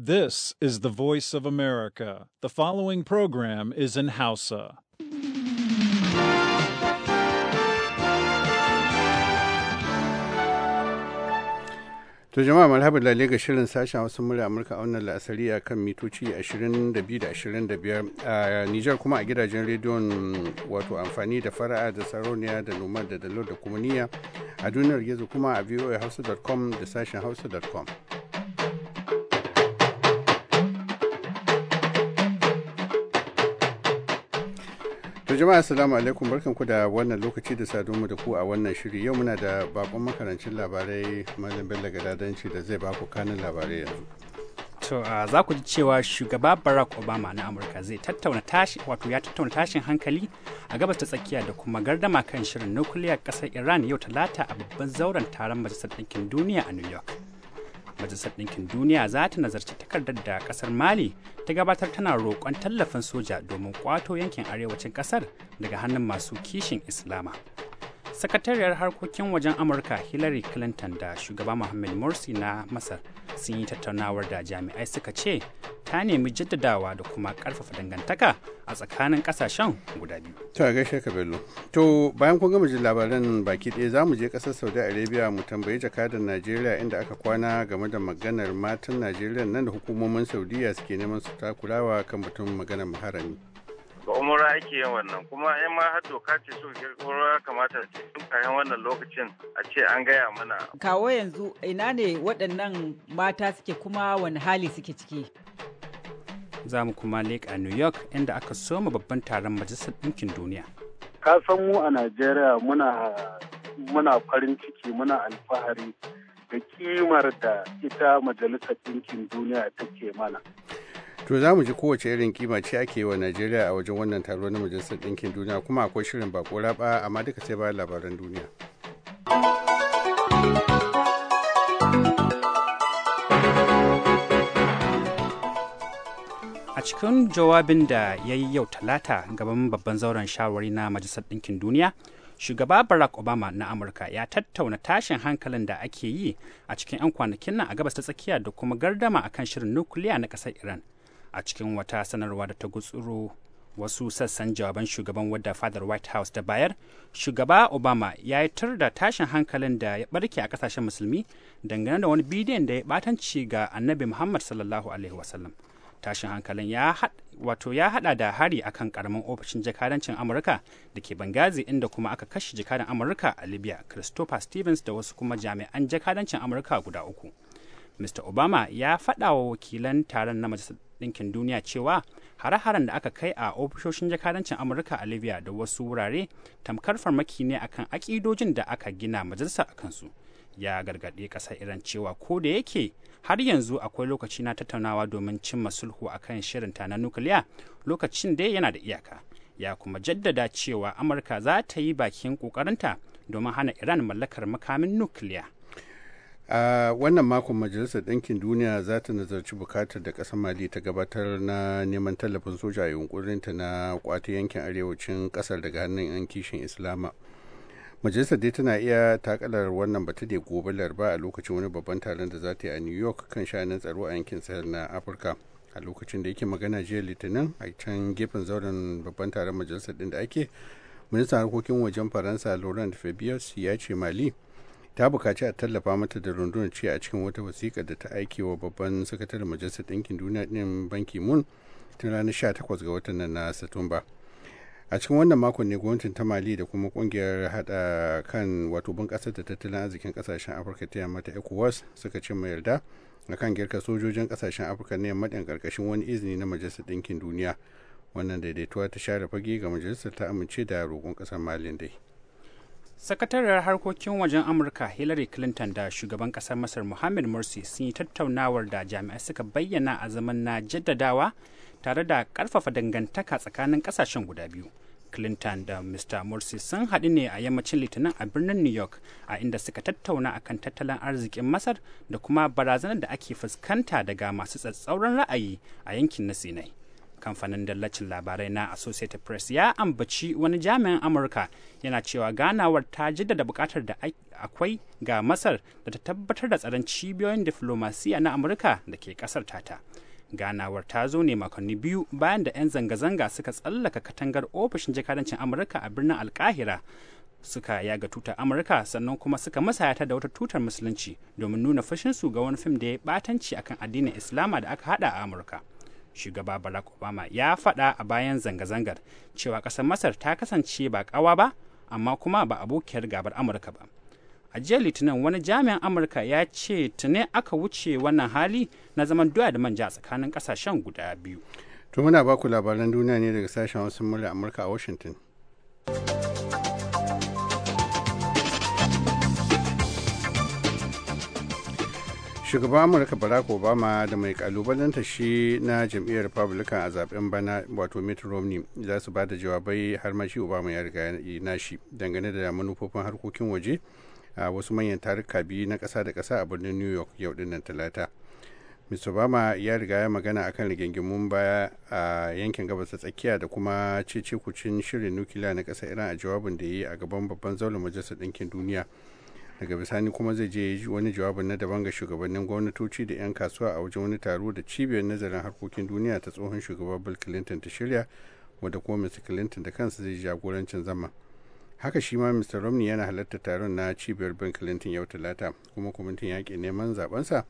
This is the voice of America. The following program is in Hausa. To jama'a marhaba lalle ga shirin sashen wasu murya Amurka a wannan la'asari a kan mitoci 22-25 a Nijar kuma a gidajen rediyon wato amfani da fara'a da sarauniya da noma da dalo da kuma niyya a duniyar gizo kuma a voahausa.com da sashen hausa.com. jama'a assalamu alaikum ku da wannan lokaci da saduwa da ku a wannan shiri yau muna da bakon makarancin labarai malam bello gadadanci da zai ba ku kanin labarai yanzu to za ku ji cewa shugaba barack obama na amurka zai tattauna tashi wato ya tattauna tashin hankali a gabas ta tsakiya da kuma gardama kan shirin nukiliya kasar iran yau talata a babban zauren taron majalisar ɗinkin duniya a new york majalisar ɗinkin duniya za ta nazarci takardar da ƙasar mali ta gabatar tana roƙon tallafin soja domin kwato yankin arewacin ƙasar daga hannun masu kishin islama sakatariyar harkokin wajen amurka hillary clinton da shugaba muhammad morsi na masar sun yi tattaunawar da jami'ai suka ce ta nemi jaddadawa da kuma ƙarfafa dangantaka a tsakanin kasashen guda biyu. to a gaishe ka Bello. To bayan kun gama jin labaran baki ɗaya za mu je kasar Saudi Arabia mu tambayi jakadar Najeriya inda aka kwana game da maganar matan Najeriya nan da hukumomin Saudiya suke neman su takurawa kan batun maganar maharami. Ga umura ake yin wannan kuma in ma har doka ce su kirkiro kamata ce tun kayan wannan lokacin a ce an gaya mana. Kawo yanzu ina ne waɗannan mata suke kuma wani hali suke ciki? za mu kuma leƙa new york inda aka soma babban taron majalisar ɗinkin duniya ka san mu a najeriya muna farin ciki muna alfahari da kimar da ita majalisar ɗinkin duniya take mana to za mu ji kowace irin kima ce ake wa najeriya a wajen wannan taro na majalisar ɗinkin duniya kuma akwai shirin bako raba amma duka sai bayan labaran duniya cikin jawabin da ya yi yau talata gaban babban zauren shawari na majalisar ɗinkin duniya shugaba barack obama na amurka ya tattauna tashin hankalin da ake yi a cikin 'yan kwanakin nan a gabas ta tsakiya da kuma gardama a kan shirin nukiliya na ƙasar iran a cikin wata sanarwa da ta gutsuro wasu sassan jawaban shugaban wadda fadar white house da bayar shugaba obama ya yi tur da tashin hankalin da ya barke a kasashen musulmi dangane da wani bidiyon da ya batanci ga annabi muhammad sallallahu alaihi wasallam tashin hankalin ya wato ya hada da hari akan karamin ofishin jakadancin amurka da ke bangazi inda kuma aka kashe jakadan amurka a libya christopher stevens da wasu kuma jami'an jakadancin amurka guda uku mr obama ya faɗawa wa wakilan taron na majalisar ɗinkin duniya cewa hare-haren da aka kai a ofishoshin jakadancin amurka a libya da wasu wurare tamkar farmaki ne akan akidojin da aka gina majalisa a kansu ya gargaɗi ƙasar iran cewa ko da yake har yanzu akwai lokaci na tattaunawa domin cimma sulhu akan ta na nukiliya lokacin dai yana da iyaka ya kuma jaddada cewa amurka za ta yi bakin ƙoƙarinta domin hana iran mallakar makamin nukiliya a wannan makon majalisar ɗinkin duniya za ta nazarci bukatar da ƙasar mali ta gabatar na neman tallafin soja a yunkurinta na kwata yankin arewacin ƙasar daga hannun 'yan kishin islama majalisar dai tana iya takalar wannan batu da gobe laraba a lokacin wani babban taron da za ta yi a new york kan shanin tsaro a yankin sahel na afirka a lokacin da yake magana jiya litinin a can gefen zauren babban taron majalisar din da ake ministan harkokin wajen faransa laurent fabius ya ce mali ta bukaci a tallafa mata da rundunar ce a cikin wata wasiƙa da ta aike wa babban sakataren majalisar ɗinkin duniya ɗin banki mun tun ranar 18 ga watan nan na satumba a cikin wannan makon ne gwamnatin ta mali da kuma kungiyar hada kan wato bunƙasar da tattalin arzikin kasashen afirka ta yamma ta ecowas suka ce mai yarda a kan girka sojojin kasashen afirka na yamma ɗin ƙarƙashin wani izini na majalisar ɗinkin duniya wannan daidaituwa ta share fage ga majalisar ta amince da roƙon ƙasar malin dai sakatariyar harkokin wajen amurka hillary clinton da shugaban kasar masar muhammad morsi sun yi tattaunawar da jami'ai suka bayyana a zaman na jaddadawa tare da karfafa dangantaka tsakanin kasashen guda biyu. Clinton da Mr. Morsi sun haɗu ne a yammacin Litinin a birnin New York a inda suka tattauna akan tattalin arzikin Masar da kuma barazanar da ake fuskanta daga masu tsatsauran ra'ayi a yankin na Sinai. Kamfanin dallacin labarai na Associated Press ya ambaci wani jami'in Amurka yana cewa ganawar ta jaddada buƙatar da akwai ga Masar da ta tabbatar da tsaron cibiyoyin diflomasiya na Amurka da ke ƙasar tata. ganawar ta zo ne makonni biyu bayan da 'yan zanga-zanga suka tsallaka katangar ofishin jakadancin amurka a birnin alkahira suka yaga tutar amurka sannan kuma suka masayata da wata tutar musulunci domin nuna fashinsu ga wani fim da ya batanci akan addinin islama da aka hada a amurka shugaba barack obama ya faɗa a bayan zanga-zangar cewa ƙasar masar ta kasance ba kawa ba amma kuma ba abokiyar gabar amurka ba a jiya litinin wani jami'an amurka ya ce ne aka wuce wannan hali na zaman doya da manja tsakanin kasashen guda biyu to muna baku labaran duniya ne daga sashen wasu murya amurka a washington shugaban amurka barack obama da mai kalubalanta shi na jam'iyyar republican a zaben bana wato mitt romney za su ba da jawabai har ma shi obama ya riga na shi dangane da manufofin harkokin waje a wasu manyan taruka biyu na kasa da kasa a birnin new york yau dinnan talata mr obama ya riga ya magana akan rigingimun baya a yankin gabas ta tsakiya da kuma cece kucin shirin nukiliya na kasa iran a jawabin da ya yi a gaban babban zauren majalisar ɗinkin duniya daga bisani kuma zai je wani jawabin na daban ga shugabannin gwamnatoci da 'yan kasuwa a wajen wani taro da cibiyar nazarin harkokin duniya ta tsohon shugaba bill clinton ta shirya wadda kuma mr clinton da kansa zai jagorancin zama haka shi ma mr romney yana halarta taron na cibiyar ben clinton yau talata kuma kwamitin yaƙi neman zabensa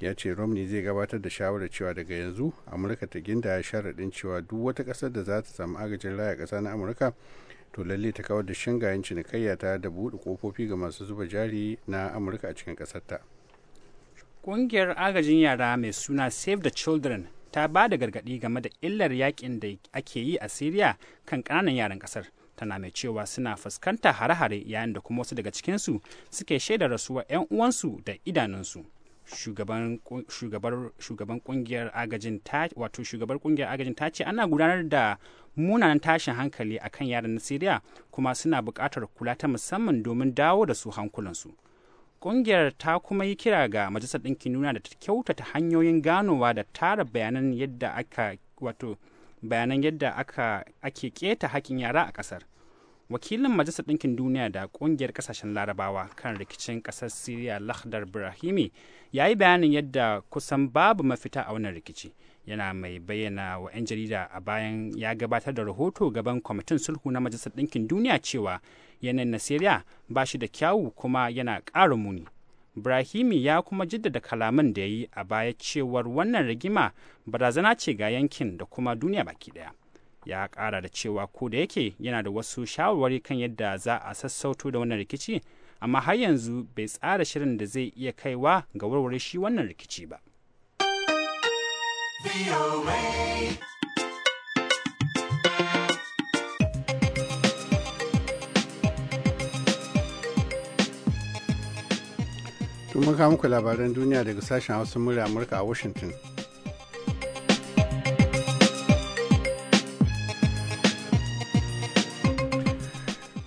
ya ce romney zai gabatar da shawarar cewa daga yanzu amurka ta ginda sharaɗin cewa duk wata ƙasar da za ta samu agajin raya ƙasa na amurka to lalle ta kawar da shingayen cinikayya ta da buɗe ƙofofi ga masu zuba jari na amurka a cikin ƙasarta ƙungiyar agajin yara mai suna save the children ta ba da gargaɗi game da illar yakin da ake yi a syria kan ƙananan yaran ƙasar tana mai cewa suna fuskanta hare-hare yayin da kuma wasu daga cikinsu suke shaidar rasuwar 'yan uwansu da idanunsu shugaban kungiyar agajin ta wato shugabar kungiyar agajin ta ce ana gudanar da munanan tashin hankali akan yaran na Siriya kuma suna buƙatar kula ta musamman domin dawo da su hankulansu. Kungiyar ta kuma yi kira ga Majalisar Ɗinkin nuna da ta kyautata hanyoyin ganowa da tara bayanan yadda aka wato bayanan yadda ake keta hakkin yara a kasar wakilin majalisar ɗinkin duniya da ƙungiyar ƙasashen larabawa kan rikicin ƙasar siriya lahdar brahimi ya yi bayanin yadda kusan babu mafita a wannan rikici yana mai bayyana wa 'yan jarida a bayan ya gabatar da rahoto gaban kwamitin sulhu na majalisar ɗinkin duniya cewa yanayin na siriya ba shi da kyawu kuma yana ƙara muni Brahimi ya kuma jaddada kalaman da ya yi a baya cewar wannan rigima barazana ce ga yankin da kuma duniya baki daya. Ya ƙara da cewa ko da yake yana da wasu shawarwari kan yadda za a sassauto da wannan rikici, amma har yanzu bai tsara shirin da zai iya kaiwa ga warware shi wannan rikici ba. To mun ka muku labaran duniya daga sashen Hausa murya Amurka a Washington.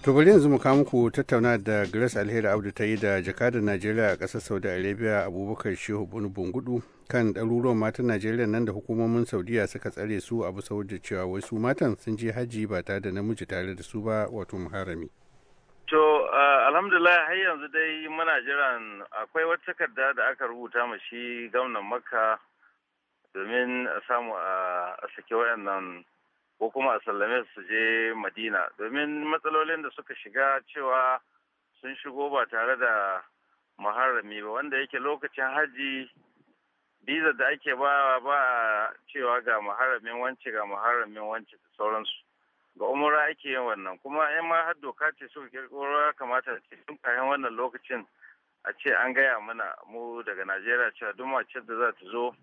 To yanzu mu muku tattauna da Grace Alheri Abdu ta yi da jakadar Najeriya a ƙasar Saudi Arabia Abubakar Shehu Bunu Bungudu kan ɗaruruwan matan Najeriya nan da hukumomin Saudiya suka tsare su abu saboda cewa wasu matan sun je hajji ba tare da namiji tare da su ba wato muharami. To, alhamdulillah har yanzu dai muna jiran akwai wata takarda da aka rubuta ma shi gwamnan Makka domin a samu a sake wayannan ko kuma a sallame su je Madina domin matsalolin da suka shiga cewa sun shigo ba tare da muharrami ba wanda yake lokacin hajji, biza da ake ba ba cewa ga muharramin wance ga muharramin wance da sauransu. ga umura ake yin wannan kuma yan ma har doka ce suka kirkiro ya kamata ce tun kayan wannan lokacin a ce an gaya mana mu daga najeriya cewa duk mace da za ta zo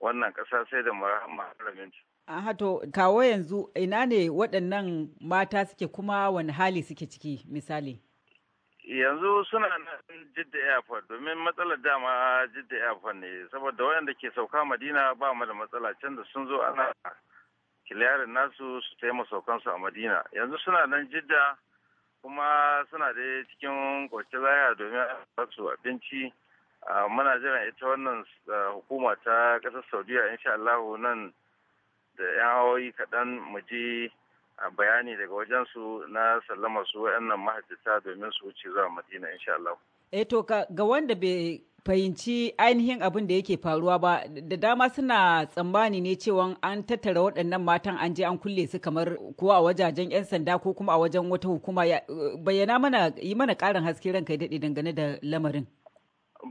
wannan ƙasa sai da maharaminta. a hato kawo yanzu ina ne waɗannan mata suke kuma wani hali suke ciki misali? Yanzu suna nan jidda airport domin matsalar dama jidda airport ne saboda wayanda ke sauka madina ba mu da matsala can da sun zo ana kiliyarin nasu su taimaka saukansu a madina yanzu suna nan jidda kuma suna da cikin kwacin laya domin su abinci muna jiran ita wannan hukuma ta ƙasar saudiya insha Allah nan da yan hawaii kaɗan mu je bayani daga wajensu na sallama su waɗannan mahajjata domin su wuce zuwa madina insha Allah. Eh to ga wanda bai fahimci ainihin abin da yake faruwa ba da dama suna tsammani ne cewa an tattara waɗannan matan an je an kulle su kamar ko a wajajen 'yan sanda ko kuma a wajen wata hukuma bayyana mana yi mana ƙarin haske ranka ya daɗe dangane da lamarin.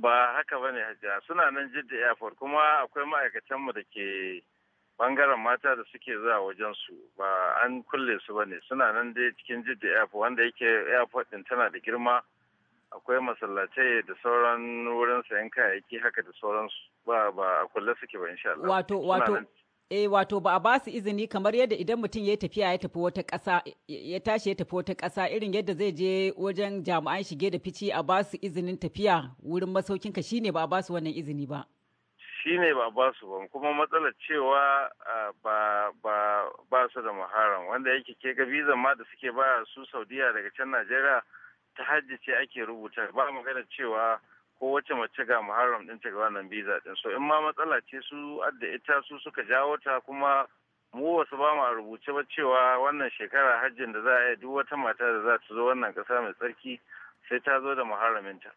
Ba haka ba ne suna nan jidda airport kuma akwai ma'aikatanmu da ke bangaren mata da suke zuwa wajen su ba an kulle su ba ne suna nan dai cikin jidda airport wanda yake airport ɗin tana da girma. akwai masallatai da sauran wurin sayan kayayyaki haka da sauransu ba ba a kulle suke ba insha Allah wato wato eh wato ba a ba su izini kamar yadda idan mutum ya tafiya ya tafi wata ƙasa ya tashi ya tafi wata ƙasa irin yadda zai je wajen jami'an shige da fici a ba su izinin tafiya wurin masaukin ka shine ba a ba su wannan izini ba shine ba a ba su ba kuma matsalar cewa ba su da muharram wanda yake ke ga visa ma da suke ba su Saudiya daga can Najeriya ta hajji ce ake rubuta ba magana cewa ko wace mace ga muharram din ta ga wannan biza din so in ma matsala ce su adda ita su suka jawo ta kuma mu wasu ba mu rubuce ba cewa wannan shekara hajjin da za a yi duk wata mata da za ta zo wannan kasa mai tsarki sai ta zo da muharraminta.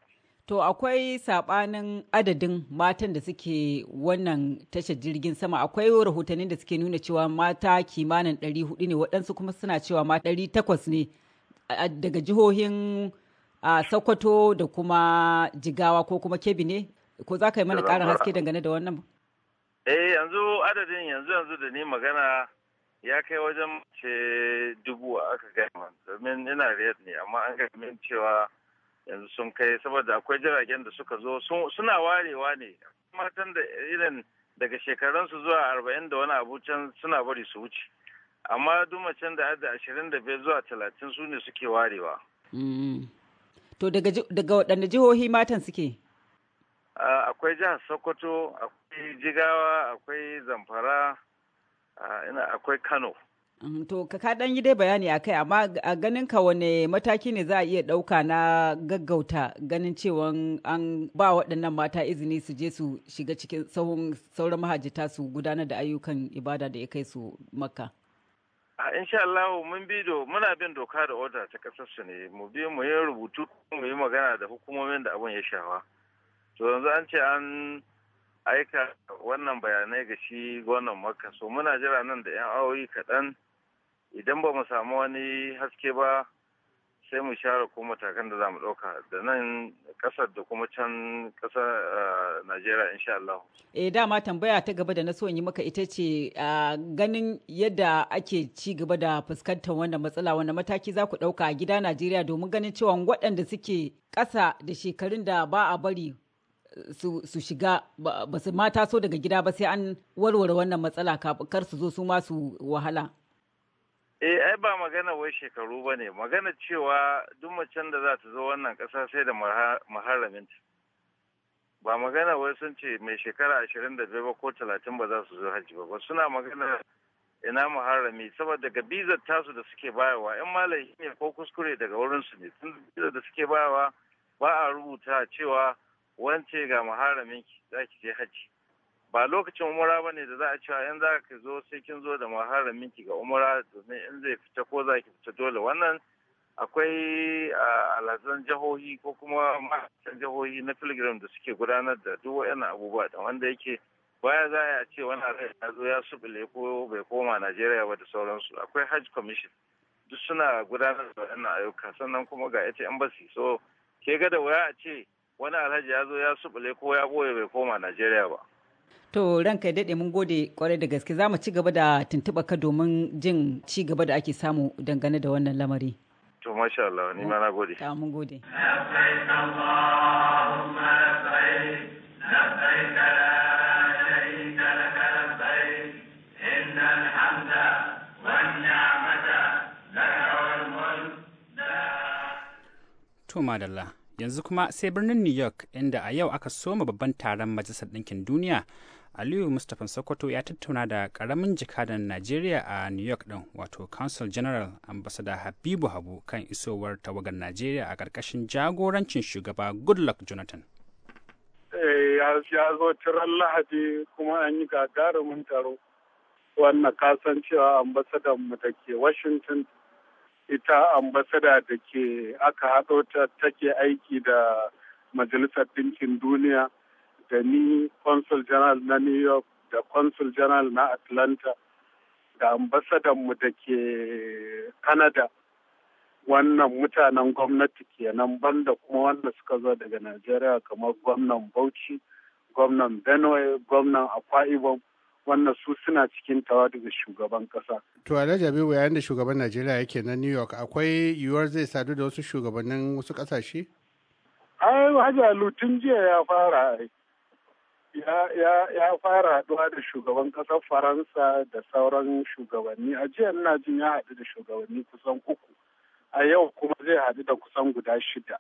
To akwai sabanin adadin matan da suke wannan tashar jirgin sama akwai rahotannin da suke nuna cewa mata kimanin 400 ne waɗansu kuma suna cewa ma 800 ne. daga jihohin a Sokoto da kuma Jigawa ko kuma Kebbi ne? Ko za ka yi mana ƙarin haske dangane da wannan? Eh yanzu adadin yanzu yanzu da ni magana ya kai wajen ce dubu aka gama domin ina riyar ne amma an min cewa yanzu sun kai saboda akwai jiragen da suka zo suna warewa ne matan da irin daga shekarunsu zuwa arba'in da wani abu can suna bari su wuce. amma duk macen da da ashirin da biyar zuwa talatin su ne suke warewa. Mm-hmm. To daga waɗanne jihohi matan suke? Akwai jihar Sokoto, akwai Jigawa, akwai Zamfara, akwai Kano. Mm-hmm. To ka ɗan yi dai bayani a kai amma a ganin ka wane mataki ne za a iya ɗauka na gaggauta ganin cewa an ba waɗannan mata izini su je su shiga cikin sauran mahajjata su gudanar da ayyukan ibada da ya kai su makka. A insha Allah mun bi do muna bin doka da oda ta kasar su ne mu bi mu yi rubutu mu yi magana da hukumomin da abun ya shawa. To yanzu an ce an aika wannan bayanai ga shi gwamnan Makka so muna jira nan da 'yan awoyi kaɗan idan ba mu samu wani haske ba sai mu share ko matakan da za mu ɗauka da nan ƙasar da kuma can ƙasar eh, Najeriya insha Allah. Eh dama tambaya ta gaba da na so yi maka ita ce eh, ganin yadda ake ci gaba da fuskantar wannan matsala wanda mataki za ku ɗauka a gida Najeriya domin ganin cewa waɗanda suke ƙasa da shekarun da ba a bari su, shiga ba su mata so daga gida ba sai an warware wannan matsala kar su zo su ma su wahala. Eh, ai ba magana wai shekaru ba ne, magana cewa duk macen da za ta zo wannan ƙasa sai da maharaminta. Ba magana wai sun ce mai shekara ashirin da ba ko talatin ba za su zo hajji ba, suna magana ina maharami saboda ga bizar tasu da suke bayarwa in malayi ne ko kuskure daga su ne tun bizar da suke bayarwa ba a rubuta cewa wance ga maharamin ki za ki je hajji ba lokacin umura ba ne da za a cewa in za ka zo sai kin zo da maharamin ki ga umura domin in zai fita ko za ki fita dole wannan akwai alhazan jihohi ko kuma ma'aikatan jihohi na filigiram da suke gudanar da duk waɗannan abubuwa da wanda yake baya za a ce wani rai ya zo ya subile ko bai koma najeriya ba da sauransu akwai hajj commission duk suna gudanar da waɗannan ayyuka sannan kuma ga ita embassy so ke ga da waya a ce wani alhaji ya zo ya subule ko ya boye bai koma najeriya ba To ranka ya daɗe mun gode kwarai da gaske za mu ci gaba da tuntuɓa ka domin jin ci gaba da ake samu dangane da wannan lamari. To masha Allah ni ma na gode. Ta mun gode. To madalla yanzu kuma sai birnin New York inda a yau aka soma babban taron Majalisar Ɗinkin Duniya aliyu mustapha sokoto ya tattauna da karamin jakadan najeriya a new york din wato council general ambassador habibu habu kan isowar tawagar najeriya a ƙarƙashin jagorancin shugaba goodluck jonathan eh, ya zo tiran lahadi kuma an yi gagarumin taro wannan kasancewa ambasadan mu da ke washington ita ambasada da ke aka haɗo ta take aiki da majalisar ɗinkin duniya da ni consul general na new york da consul general na atlanta da ambasadanmu da ke canada wannan mutanen gwamnati kenan banda kuma wanda suka zo daga nigeria kamar gwamnan bauchi gwamnan benue gwamnan akwaibon wannan su suna cikin tawa daga shugaban kasa. To Alhaji Abibu yayin da shugaban Najeriya yake na New York akwai yiwuwar zai sadu da wasu shugabannin wasu kasashe? Ai Hajji tun jiya ya fara ai. ya fara haɗuwa da shugaban ƙasar faransa da sauran shugabanni a jiya ina jin ya haɗu da shugabanni kusan uku a yau kuma zai haɗu da kusan guda shida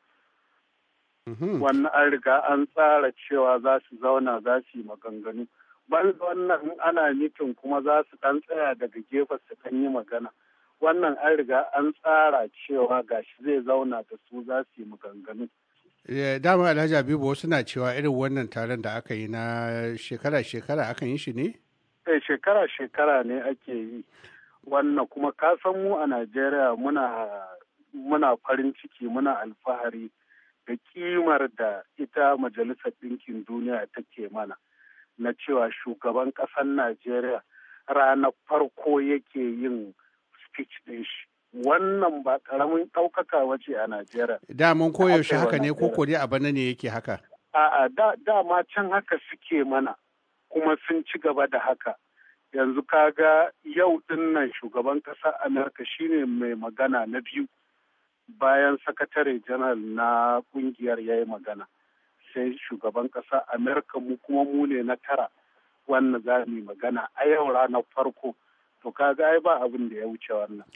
mhm. wannan an riga an tsara cewa za su zauna za su yi maganganu ban wannan ana mitin kuma za su ɗan tsaya daga gefe su ɗan yi magana wannan an riga an tsara cewa gashi zai zauna da su za su yi maganganu Eh, dama alhaji habibu wasu na cewa irin wannan taron da aka yi na shekara-shekara aka yi shi ne? Eh, shekara-shekara ne ake yi wannan kuma kasan mu a najeriya muna farin ciki muna alfahari da kimar da ita majalisar ɗinkin duniya take mana na cewa shugaban ƙasar najeriya ranar farko yake yin speech ɗin shi wannan ba karamin ɗaukaka wace a Najeriya. mun koyaushe haka ne ko ko dai a bana ne yake haka? A'a da ma can haka suke mana kuma sun ci gaba da haka. Yanzu ka ga yau din nan shugaban ƙasa Amerika shine mai magana na biyu bayan sakatare janar na kungiyar yayi magana. Sai shugaban ƙasa Amerika mu kuma mu ne na tara wannan za mu yi magana a yau ranar farko. to kaga ai ba abin da ya wuce wannan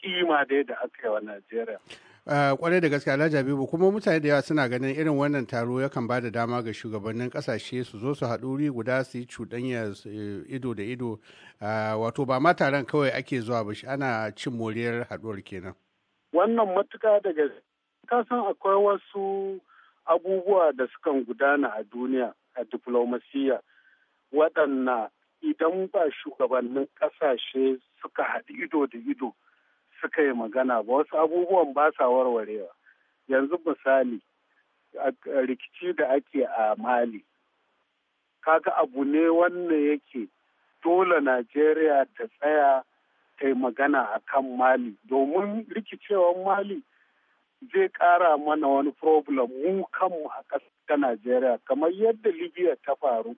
kima dai da aka yi wa najeriya ah, kwarai da gaske alhaji bibu kuma mutane da yawa suna ganin irin wannan taro yakan ba da dama ga shugabannin kasashe su zo su haɗuri guda su yi cuɗanya eh, ido da ido ah, wato ba ma taron kawai ake zuwa ba shi ana cin moriyar haɗuwar kenan wannan matuka daga kasan akwai wasu abubuwa da sukan gudana a duniya a diplomasiya waɗanna idan ba shugabannin kasashe suka haɗu ido da ido suka yi magana ba wasu abubuwan ba sa warwarewa yanzu misali rikici da ake a mali kaga abu ne wanda yake dole najeriya ta tsaya ta yi magana a kan mali domin rikicewan mali zai ƙara mana wani problem mu kanmu a ƙasar ta najeriya kamar yadda libya ta faru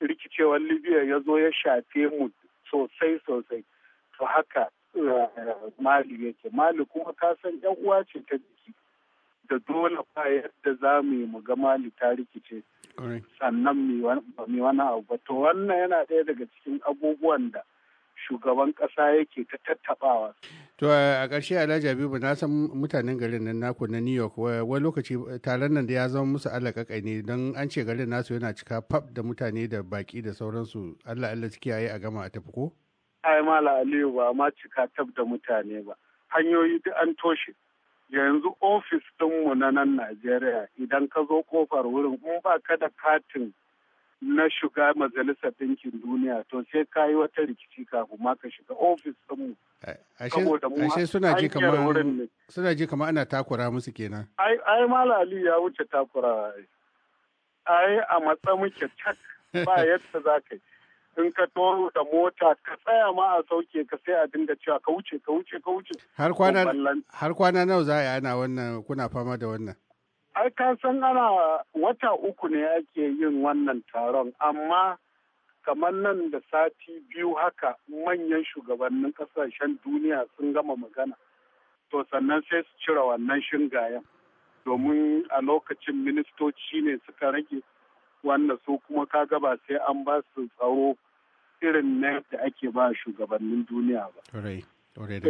rikicewar libya ya zo ya shafe mu sosai sosai to haka eh, mali yake mali kuma ka san yan uwa ce ta jiki da dole ba yadda za mu yi ga mali ta rikice sannan mai wani abu to wannan yana ɗaya daga cikin abubuwan da shugaban ƙasa yake ta tattabawa. To a ƙarshe Alhaji Habibu na san mutanen garin nan naku na New York wani lokaci taron nan da ya zama musu alaƙaƙai ne don an ce garin nasu yana cika fab da mutane da baki da sauransu Allah Allah su kiyaye a gama a tafi ko? Ai Mala Aliyu ba ma cika tab da mutane ba hanyoyi duk an toshe. Yanzu ofis ɗinmu na nan Najeriya idan ka zo kofar wurin in ba ka da katin na shiga majalisar ɗinkin duniya to sai ka yi wata rikici kafin ma ka shiga ofis ɗinmu. Ashe suna ji kamar suna ji kamar ana takura musu kenan. Ai ai malali ya wuce takura. Ai a matsa muke cak ba yadda za ka yi. In ka toro da mota ka tsaya ma a sauke ka sai a dinga cewa ka wuce ka wuce ka wuce. Har kwana nawa za a yi ana wannan kuna fama da wannan. ai ka san ana wata uku ne yake yin wannan taron amma kamar nan da sati biyu haka manyan shugabannin kasashen duniya sun gama magana to sannan sai su cire wannan shingayen domin a lokacin ministoci ne suka rage wanda su kuma ka gaba sai an ba su tsaro irin na da ake ba shugabannin duniya ba. Eh.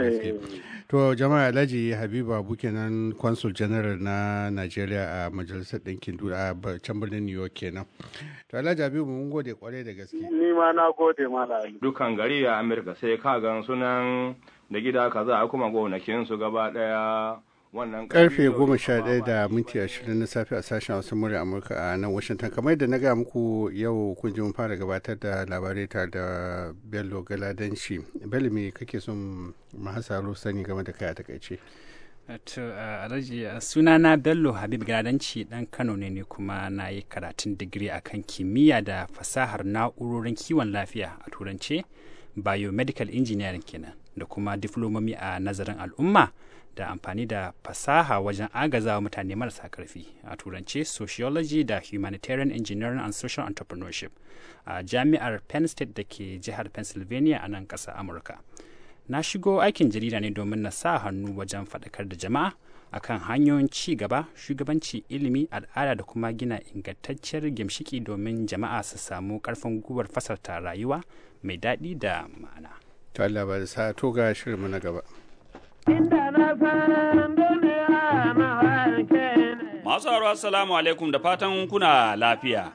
To jama'a Alhaji Habibu Abu kenan Consul General na Najeriya a Majalisar Ɗinkin Duniya a can birnin New York kenan. To Alhaji Habibu mun gode kwarai da gaske. Ni ma na gode malami. Dukan gari a Amurka sai ka gan sunan da gida kaza kuma gonakin su gaba ɗaya. karfe goma sha ɗaya da minti ashirin na safe a sashen wasu murya amurka a nan washington kamar yadda na ga muku yau kun ji mun fara gabatar da labarai tare da bello galadanci bello me kake son mahasaro sani game da kai a takaice to alhaji sunana bello habib galadanci dan kano ne ne kuma na yi karatun digiri akan kimiyya da fasahar na'urorin kiwon lafiya a turance biomedical engineering kenan da kuma diflomomi a nazarin al'umma da amfani da fasaha wajen agazawa mutane marasa karfi a turance sociology da humanitarian engineering and social entrepreneurship a jami'ar penn state da ke jihar pennsylvania a nan ƙasa amurka na shigo aikin jarida ne domin na sa hannu wajen faɗakar da jama'a akan hanyoyin ci gaba shugabanci ilimi al'ada da kuma gina ingantacciyar gimshiki domin jama'a su samu karfin gubar fasarta rayuwa mai daɗi da ma'ana. To Allah ba da sa to ga shirinmu na gaba. Masu haro assalamu alaikum da fatan kuna lafiya.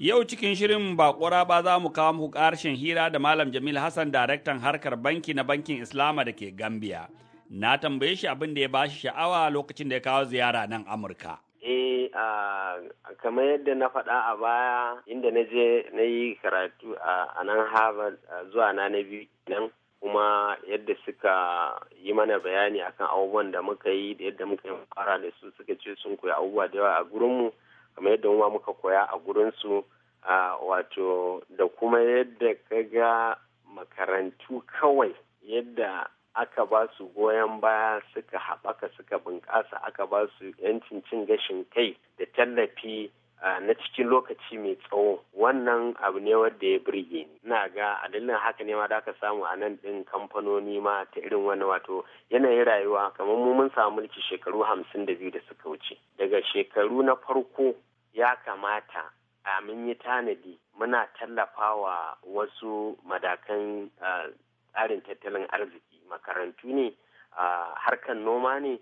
Yau cikin shirin bakura ba za mu kawo muku ƙarshen hira da Malam Jamil Hassan daraktan harkar banki na bankin Islama da ke Gambia. Na tambaye shi abin da ya bashi sha'awa lokacin da ya kawo ziyara nan Amurka. Eh, kamar yadda na faɗa a baya inda na je na yi karatu a nan Harvard zuwa na biyu nan kuma yadda suka yi mana bayani akan abubuwan da muka yi da yadda muka yi fara da su suka ce sun koya abubuwa da yawa a gurinmu kamar yadda mu muka koya a gurinsu wato da kuma yadda ka ga makarantu kawai yadda aka ba su goyon baya suka haɓaka suka bunƙasa aka ba su 'yancin cin gashin kai da tallafi Ah, na cikin lokaci mai tsawo wannan abu ne wanda ya birge ni ina ga a dalilin haka ne ma da aka samu a nan din kamfanoni ma ta irin wani wato yanayin rayuwa kamar mu mun samu mulki shekaru hamsin da biyu da suka wuce daga shekaru na farko ya kamata a mun yi tanadi muna tallafawa wasu madakan ah, tsarin tattalin arziki makarantu ne ah, harkan noma ne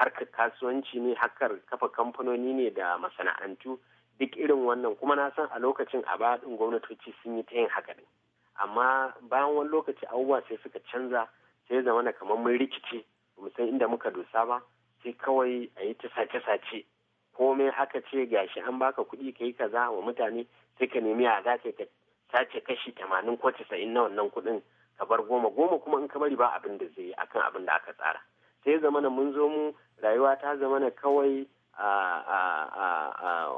harkar kasuwanci ne harkar kafa kamfanoni ne da masana'antu duk irin wannan kuma na san a lokacin a ɗin gwamnatoci sun yi ta yin haka ne amma bayan wani lokaci abubuwa sai suka canza sai zama na kamar mun rikice mu san inda muka dosa ba sai kawai a yi ta sace-sace komai haka ce gashi an baka kuɗi ka yi kaza wa mutane sai ka nemi a za ka sace kashi tamanin ko casa'in na wannan kuɗin ka bar goma goma kuma in ka bari ba abin da zai yi akan abin da aka tsara sai zamana mun zo mu rayuwa ta zamana kawai a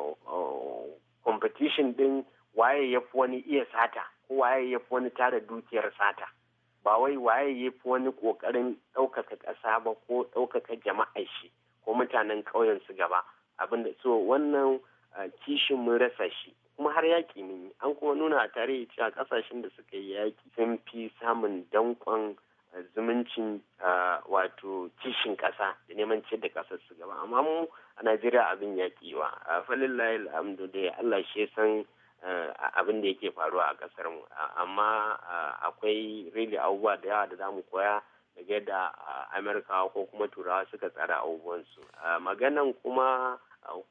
competition din waye ya fi wani iya sata ko waye ya fi wani tara dukiyar sata ba wai waye ya fi wani kokarin ɗaukaka ƙasa ba ko ɗaukaka jama'a shi ko mutanen ƙauyen su gaba abin da so wannan kishin mun rasa shi kuma har yaƙi mun yi an kuma nuna a tarihi cewa ƙasashen da suka yi yaƙi sun fi samun danƙon zumuncin wato kishin ƙasa da neman ciyar da kasar su gaba amma mu a najeriya abin ya kiwa layi alhamdu dai allah shi san abin da yake faruwa a ƙasar mu amma akwai really abubuwa da yawa da zamu koya daga yadda amurkawa ko kuma turawa suka tsara abubuwansu maganan kuma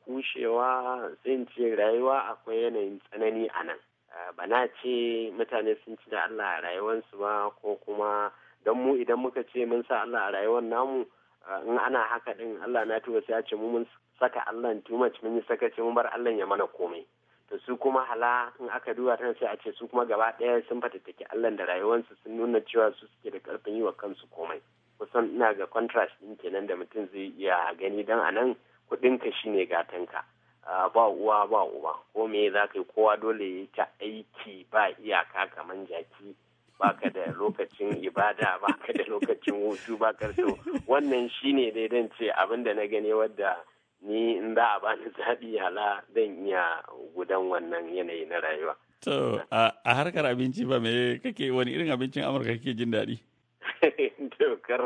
kushewa sun ce rayuwa akwai yanayin tsanani a nan ba na ce mutane sun ci da allah rayuwarsu ba ko kuma don mu idan muka ce mun sa Allah a rayuwar namu in ana haka din Allah na tuba sai ya ce mu mun saka Allah too much mun yi saka ce mun bar Allah ya mana komai to su kuma hala in aka duba ta sai a ce su kuma gaba ɗaya sun fatattaki Allah da rayuwarsu sun nuna cewa su suke da karfin yi wa kansu komai kusan ina ga contrast din kenan da mutum zai iya gani dan anan kudinka shine gatanka ba uwa ba uwa ko me za ka yi kowa dole ya ta aiki ba iyaka kaman jaki baka da lokacin ibada baka da lokacin hutu baka so wannan shine dai dan ce abin da na gani wadda ni in za a bani zaɓi hala zan iya gudan wannan yanayi na rayuwa. To a harkar abinci ba me kake wani irin abincin Amurka kake jin daɗi? To kar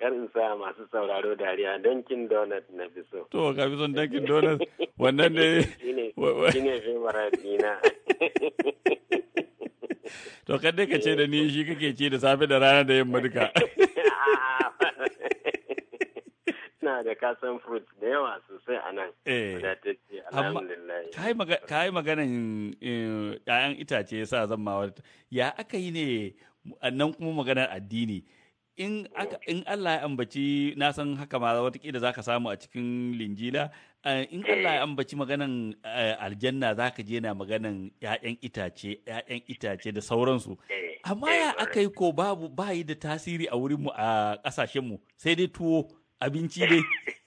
in sa masu sauraro dariya Dunkin Donut na fi so. To ka fi son Dunkin Donut wannan ne. Shine favorite dina. To kan ka ce da ni shi kake ce da safe da rana da yamma duka. Na da kasan fruit da yawa sosai a nan. Eh. alhamdulillah. Ka yi maganan eh, ‘ya'yan itace ya sa zan wata Ya aka yi ne nan kuma maganar addini. in Allah ya ambaci na san haka ma watakila za ka samu a cikin linjila eh, in Allah ya eh. ambaci maganan eh, aljanna za ka je na maganan 'ya'yan itace 'ya'yan itace da sauransu amma ya aka yi ko babu bayi da tasiri a wurinmu a ƙasashenmu sai dai tuwo abinci dai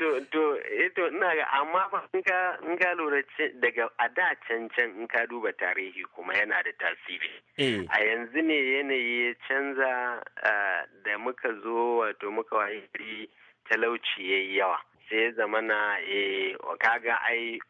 to to eh, to ina ga amma fa in ka in ka lura daga a da can can in ka duba tarihi kuma yana da tasiri eh. a yanzu ne yanayi ya canza da muka zo wato muka yi talauci yayi yawa sai zamana e eh, kaga ai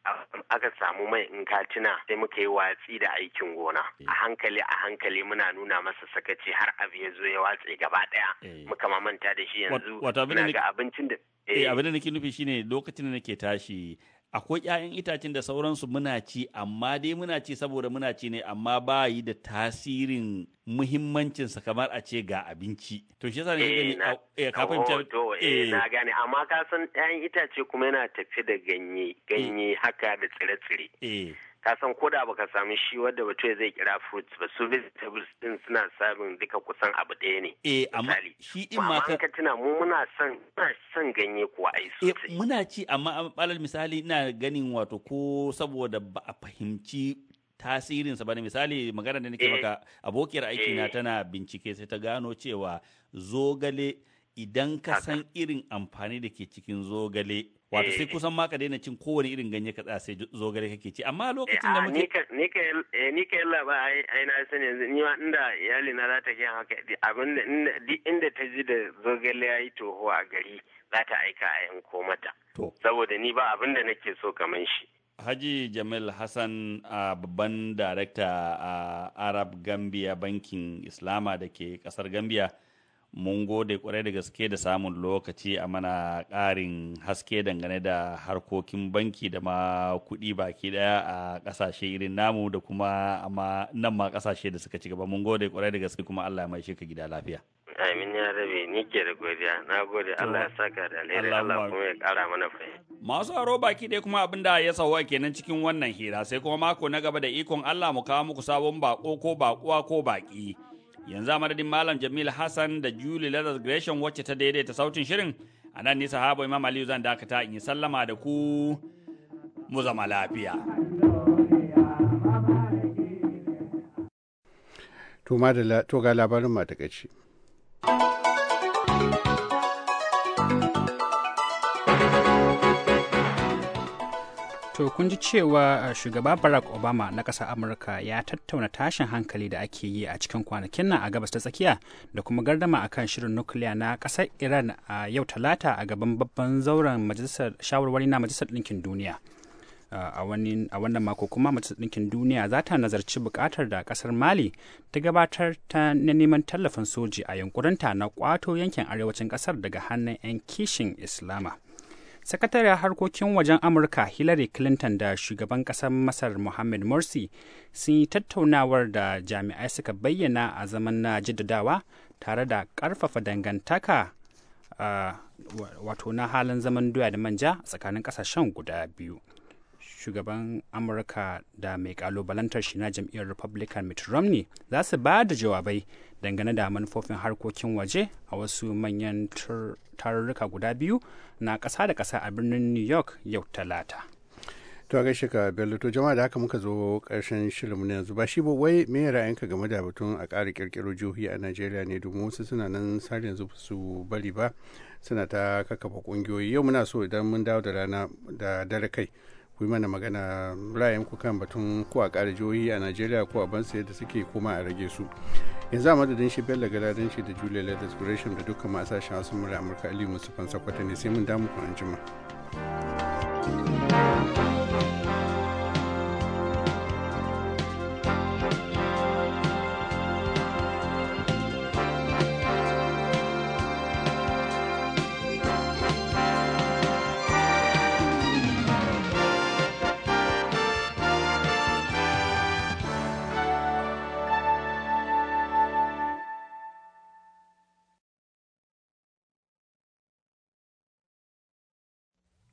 aka samu mai in ka tuna sai muka yi watsi da aikin gona a hankali a hankali muna nuna masa sakaci har abu ya zo ya watse gaba daya muka mamanta da shi yanzu na ga abincin da Eh, eh abin da nake nufi shine lokacin da nake tashi akwai ƴaƴan itacen da sauransu muna ci amma dai muna ci saboda muna ci ne amma ba yi da tasirin muhimmancinsa kamar a ce ga abinci to shi yasa ne eh, gani eh, ka oh, eh na gane amma ka san ƴaƴan itace kuma yana tafi da ganye ganye haka da tsire-tsire ka san ko da baka samu shi wadda bature zai kira fruits ba su vegetables din suna samun duka kusan abu ɗaya ne eh amma shi din mu muna son muna son ganye kuwa ai sosai eh, muna ci amma alal misali ina ganin wato ko saboda ba a fahimci tasirin sa bane misali magana da nake eh. maka abokiyar aiki na eh. tana bincike sai ta gano cewa zogale idan ka san irin amfani da ke cikin zogale wato eh. sai kusan ma ka daina cin kowane irin ganye ka sai zogale kake ci amma lokacin da eh, ah, muke eh, ni ka yalla ba ai na sani yanzu ni ma inda iyali na za ta yi haka abin da inda ta ji da zogale yayi toho a gari za ta aika a yanko mata saboda ni ba abin da nake so kaman shi Haji Jamil Hassan a babban darakta a Arab Gambia bankin Islama da ke kasar Gambia mun gode kwarai da gaske da samun lokaci a mana ƙarin haske dangane da harkokin banki da ma kuɗi baki ɗaya a ƙasashe irin namu da kuma amma nan ma ƙasashe da suka ci gaba mun gode kwarai da gaske kuma Allah ya mai shi ka gida lafiya. Amin ya rabe ni ke da godiya na gode Allah ya saka da alheri Allah kuma ya ƙara mana fahimta. Masu aro baki ɗaya kuma abin da ya sauwa kenan cikin wannan hira sai kuma mako na gaba da ikon Allah mu kawo muku sabon bako ko bakuwa ko baki. yanzu a madadin Malam Jamil Hassan da Julie Leathers Gresham wacce ta daidaita sautin shirin, a nan ne sahaba Imam Aliyu zan dakata in yi sallama da ku mu zama lafiya. To ga labarin matakaici. To kun ji cewa uh, shugaba Barack Obama na ƙasar Amurka ya tattauna tashin hankali da ake yi a cikin kwanakin nan a gabas ta tsakiya da kuma gardama akan shirin nukiliya na ƙasar Iran a yau talata a gaban babban zauren majalisar shawarwari na majalisar ɗinkin duniya. Uh, a wannan mako kuma majalisar ɗinkin duniya za ta nazarci buƙatar da ƙasar mali ta gabatar ta na neman tallafin soji a yankurinta na kwato yankin arewacin ƙasar daga hannun 'yan kishin islama sakataren harkokin wajen amurka hillary clinton da shugaban kasar masar mohamed morsi sun yi tattaunawar da jami'ai suka bayyana a zaman na jaddadawa tare da karfafa dangantaka ah, wato na halin zaman doya da manja tsakanin kasashen guda biyu shugaban amurka da mai kalubalantar shi na jam'iyyar republican mitt romney za su ba da jawabai dangane da manufofin harkokin waje a wasu manyan tarurruka guda biyu na ƙasa da ƙasa a birnin new york yau talata to a gaishe ka bello to jama'a da haka muka zo karshen shirin na yanzu ba shi ba wai me ra'ayinka game da batun a ƙara kirkiro jihohi a najeriya ne domin wasu suna nan sar yanzu su bari ba suna ta kakkafa ƙungiyoyi yau muna so idan mun dawo da rana da dare kai ku yi mana magana ra'ayinku ku kan batun ko a ƙara jihohi a najeriya ko a bansa yadda suke koma a rage su yanzu a madadin shi bello galadin shi da julia letters gresham da dukkan masu sashen wasu murya amurka ali musu fansa kwata ne sai mun damu ku an jima.